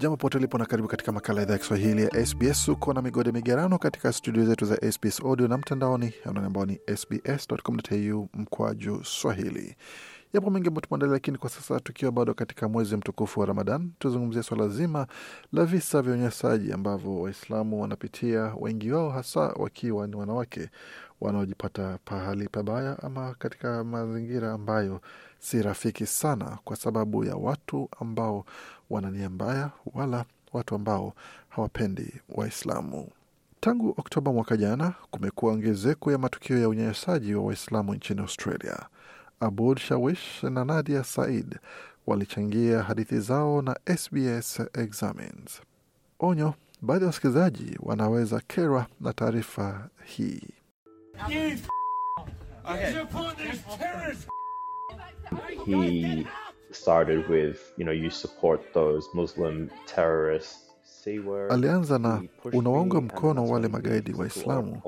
Jambo pote ulipo na karibu katika makala idhaa ya Kiswahili ya SBS. Uko na migode migerano katika studio zetu za SBS audio na mtandaoni anwani ambao ni sbs.com.au mkwaju swahili. Yapo mengi ambayo tumeandalia, lakini kwa sasa tukiwa bado katika mwezi mtukufu wa Ramadan, tuzungumzia swala zima la visa vya unyanyasaji ambavyo Waislamu wanapitia, wengi wao hasa wakiwa ni wanawake wanaojipata pahali pabaya ama katika mazingira ambayo si rafiki sana, kwa sababu ya watu ambao wana nia mbaya wala watu ambao hawapendi Waislamu. Tangu Oktoba mwaka jana kumekuwa ongezeko ya matukio ya unyanyasaji wa Waislamu nchini Australia. Abud Shawish na Nadia Said walichangia hadithi zao na SBS Examines. Onyo, baadhi ya wasikilizaji wanaweza kerwa na taarifa hii. Hii started with, you know, you support those Muslim terrorists Alianza na unawaunga mkono wale magaidi Waislamu,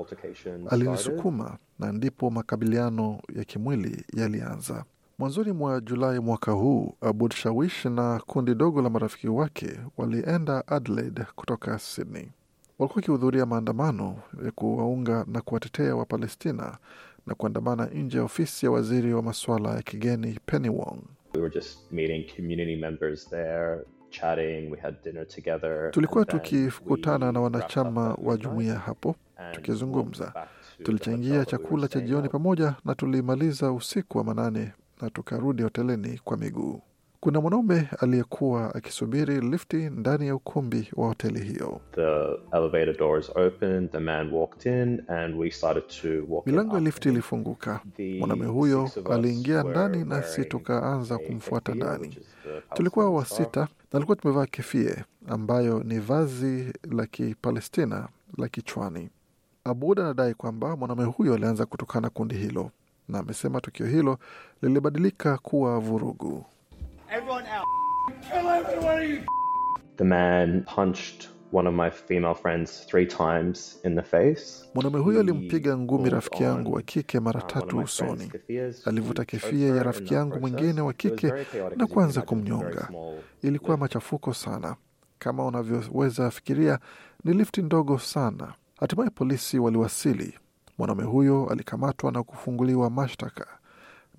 alinisukuma na ndipo makabiliano ya kimwili yalianza. Mwanzoni mwa Julai mwaka huu, Abud Shawish na kundi dogo la marafiki wake walienda Adelaide kutoka Sydney. Walikuwa wakihudhuria maandamano ya kuwaunga na kuwatetea Wapalestina na kuandamana nje ya ofisi ya waziri wa masuala ya kigeni Penny Wong. We were just meeting community members there. Tulikuwa tukikutana na wanachama wa jumuiya hapo tukizungumza, tulichangia chakula cha jioni pamoja na tulimaliza usiku wa manane na tukarudi hoteleni kwa miguu. Kuna mwanaume aliyekuwa akisubiri lifti ndani ya ukumbi wa hoteli hiyo. Milango ya lifti ilifunguka, mwanaume huyo aliingia ndani nasi tukaanza kumfuata ndani. Tulikuwa wasita na alikuwa tumevaa kefie ambayo ni vazi la Kipalestina la kichwani. Abud anadai kwamba mwanaume huyo alianza kutokana kundi hilo, na amesema tukio hilo lilibadilika kuwa vurugu. Kill everybody! The man punched one of my female friends three times in the face. Mwanaume huyo alimpiga ngumi rafiki yangu wa kike mara uh, tatu usoni. Alivuta kefia ya rafiki yangu mwingine wa kike na kuanza kumnyonga. Ilikuwa machafuko sana. Kama unavyoweza fikiria, ni lifti ndogo sana. Hatimaye polisi waliwasili. mwanaume huyo alikamatwa na kufunguliwa mashtaka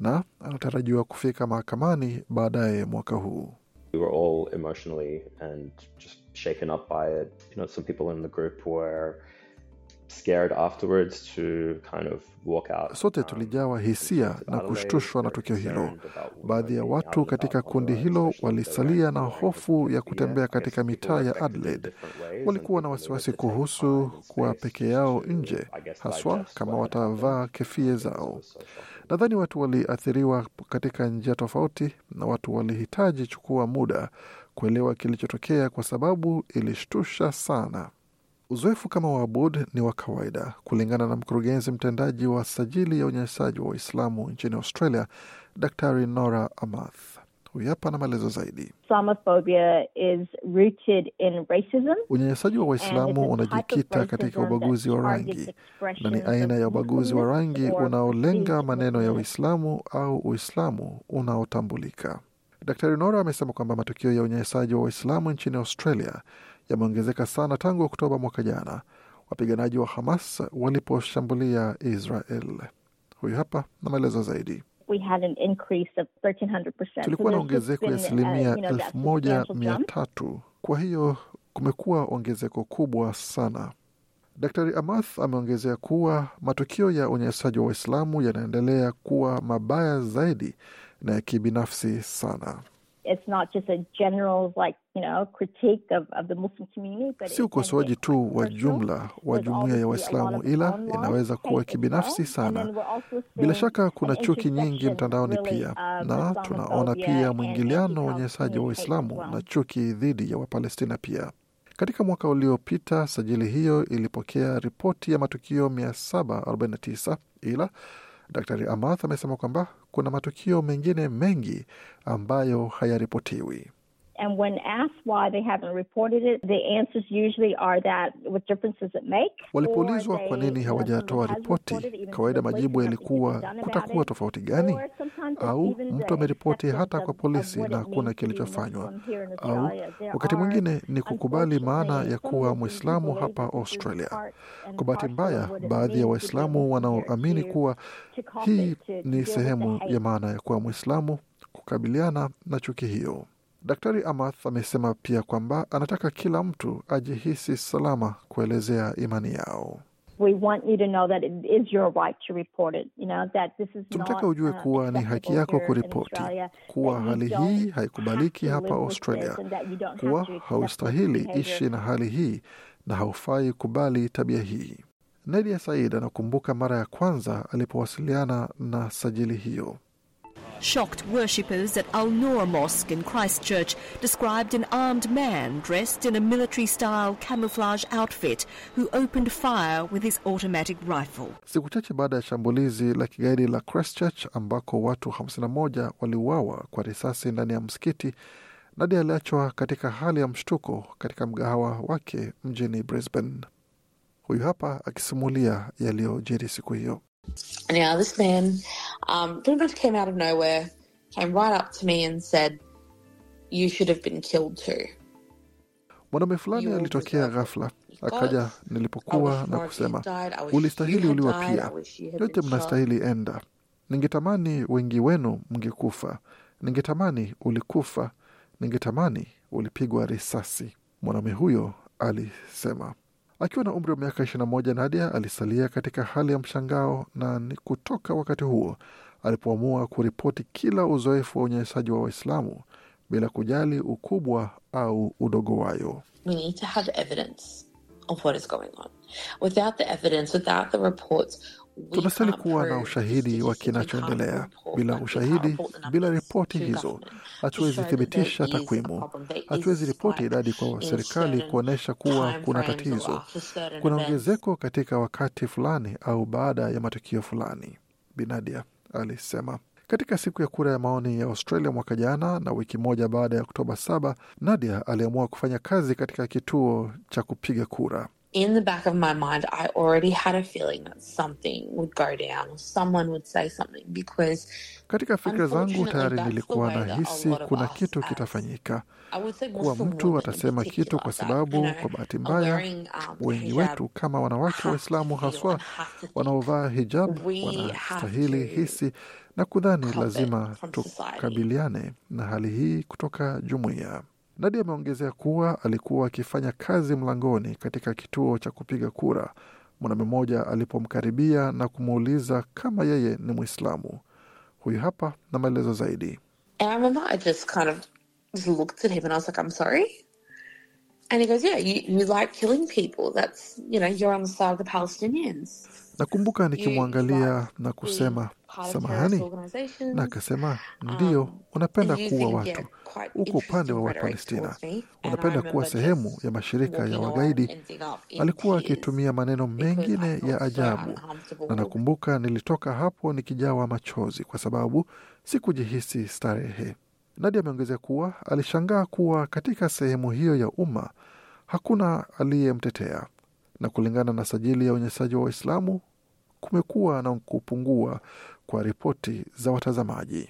na anatarajiwa kufika mahakamani baadaye mwaka huu we were all emotionally and just shaken up by it. You know, some people in the group were scared afterwards to kind of walk out. Sote um, tulijawa hisia na kushtushwa na tukio hilo. Baadhi ya watu katika kundi hilo walisalia na hofu ya kutembea katika mitaa ya Adelaide. Walikuwa na wasiwasi kuhusu kuwa peke yao nje, haswa kama watavaa kefie zao. Nadhani watu waliathiriwa katika njia tofauti, na watu walihitaji chukua muda kuelewa kilichotokea, kwa sababu ilishtusha sana. Uzoefu kama wa Abud ni wa kawaida, kulingana na mkurugenzi mtendaji wa sajili ya unyenyesaji wa Waislamu nchini Australia, Daktari Nora Amath. Huyu hapa na maelezo zaidi. Unyanyasaji wa Waislamu unajikita katika ubaguzi wa rangi na ni aina ya ubaguzi wa rangi unaolenga maneno ya Uislamu au Uislamu unaotambulika. Daktari Nora amesema kwamba matukio ya unyanyasaji wa Waislamu nchini Australia yameongezeka sana tangu Oktoba mwaka jana wapiganaji wa Hamas waliposhambulia Israel. Huyu hapa na maelezo zaidi. Tulikuwa na ongezeko ya asilimia uh, elfu moja mia tatu. Kwa hiyo kumekuwa ongezeko kubwa sana. Daktari Amath ameongezea kuwa matukio ya unyanyasaji wa Waislamu yanaendelea kuwa mabaya zaidi na ya kibinafsi sana it's not just a general like you know critique of, of the Muslim community but si ukosoaji tu wa jumla wa jumuiya ya Waislamu, ila inaweza kuwa kibinafsi sana. Bila shaka kuna chuki nyingi mtandaoni pia, uh, na tunaona pia mwingiliano wa unyenyesaji wa Waislamu na chuki dhidi ya Wapalestina pia. Katika mwaka uliopita sajili hiyo ilipokea ripoti ya matukio 749 ila Daktari Amath amesema kwamba kuna matukio mengine mengi ambayo hayaripotiwi. And when asked why they haven't reported it, the answers usually are that with differences it make. Walipoulizwa kwa nini hawajatoa ripoti, kawaida majibu yalikuwa kutakuwa tofauti gani, au mtu ameripoti hata kwa polisi na hakuna kilichofanywa, au wakati mwingine ni kukubali maana ya kuwa Mwislamu hapa Australia. Kwa bahati mbaya, baadhi ya Waislamu wanaoamini kuwa hii ni sehemu ya maana ya kuwa Mwislamu kukabiliana na chuki hiyo. Daktari Amath amesema pia kwamba anataka kila mtu ajihisi salama kuelezea imani yao. Tunataka ujue uh, kuwa ni haki yako kuripoti kuwa hali hii haikubaliki hapa Australia, kuwa haustahili ishi na hali hii na haufai kubali tabia hii. Nadia Said anakumbuka mara ya kwanza alipowasiliana na sajili hiyo shocked worshippers at Al Noor Mosque in Christchurch described an armed man dressed in a military style camouflage outfit who opened fire with his automatic rifle. Siku chache baada ya shambulizi la kigaidi la Christchurch ambako watu 51 waliuawa kwa risasi ndani ya msikiti, Nadia aliachwa katika hali ya mshtuko katika mgahawa wake mjini Brisbane. Huyu hapa akisimulia yaliyojiri siku hiyo. Now, this man um, pretty much came out of nowhere, came right up to me and said, you should have been killed too. Mwanaume fulani alitokea ghafla akaja nilipokuwa na kusema, ulistahili uliwa pia, yote mnastahili enda. Ningetamani wengi wenu mngekufa, ningetamani ulikufa, ningetamani ulipigwa risasi, mwanaume huyo alisema. Akiwa na umri wa miaka 21, Nadia alisalia katika hali ya mshangao na ni kutoka wakati huo alipoamua kuripoti kila uzoefu wa unyanyasaji wa Waislamu bila kujali ukubwa au udogo wayo. Tunastahili kuwa na ushahidi wa kinachoendelea. Bila ushahidi, bila ripoti hizo, hatuwezi thibitisha takwimu, hatuwezi ripoti idadi kwa serikali kuonyesha kuwa kuna tatizo, kuna ongezeko katika wakati fulani au baada ya matukio fulani, Binadia alisema. Katika siku ya kura ya maoni ya Australia mwaka jana na wiki moja baada ya Oktoba saba, Nadia aliamua kufanya kazi katika kituo cha kupiga kura in the back of my mind, I already had a feeling that something would go down or someone would say something because katika fikra zangu tayari nilikuwa na hisi kuna kitu kitafanyika, kuwa mtu atasema kitu, kwa sababu kwa bahati mbaya um, wengi wetu kama wanawake Waislamu haswa wanaovaa hijab wanastahili hisi na kudhani lazima tukabiliane na hali hii kutoka jumuiya. Nadia ameongezea kuwa alikuwa akifanya kazi mlangoni katika kituo cha kupiga kura mwanamume mmoja alipomkaribia na kumuuliza kama yeye ni Mwislamu. Huyu hapa na maelezo zaidi. Nakumbuka nikimwangalia na kusema samahani, na akasema um, ndio unapenda kuua watu huko upande wa Wapalestina, unapenda kuwa sehemu ya mashirika ya wagaidi. Alikuwa akitumia maneno mengine ya ajabu, na nakumbuka nilitoka hapo nikijawa machozi kwa sababu sikujihisi starehe. nadi ameongezea kuwa alishangaa kuwa katika sehemu hiyo ya umma hakuna aliyemtetea, na kulingana na sajili ya unyenyesaji wa Waislamu kumekuwa na kupungua kwa ripoti za watazamaji.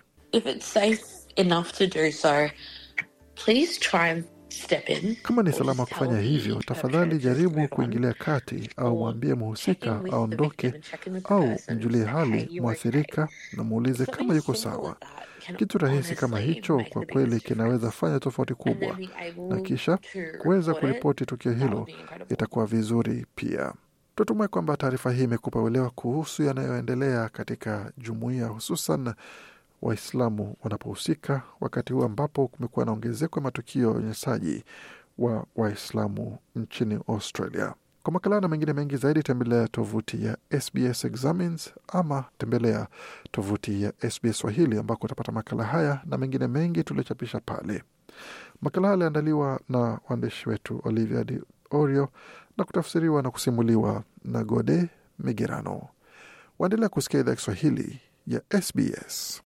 Kama ni salama kufanya hivyo, tafadhali jaribu kuingilia kati au mwambie mhusika aondoke, au mjulie hali mwathirika na muulize kama yuko sawa. Kitu rahisi kama hicho kwa kweli kinaweza fanya tofauti kubwa, na kisha kuweza kuripoti tukio hilo itakuwa vizuri pia. Tunatumai kwamba taarifa hii imekupa uelewa kuhusu yanayoendelea katika jumuiya, hususan Waislamu wanapohusika, wakati huu ambapo kumekuwa na ongezeko ya matukio ya unyanyasaji wa Waislamu nchini Australia. Kwa makala na mengine mengi zaidi, tembelea tovuti ya SBS Examines ama tembelea tovuti ya SBS Swahili ambako utapata makala haya na mengine mengi tuliochapisha pale. Makala haya aliandaliwa na waandishi wetu Olivia orio na kutafsiriwa na kusimuliwa na Gode Migerano. Waendelea kusikia idhaa Kiswahili ya SBS.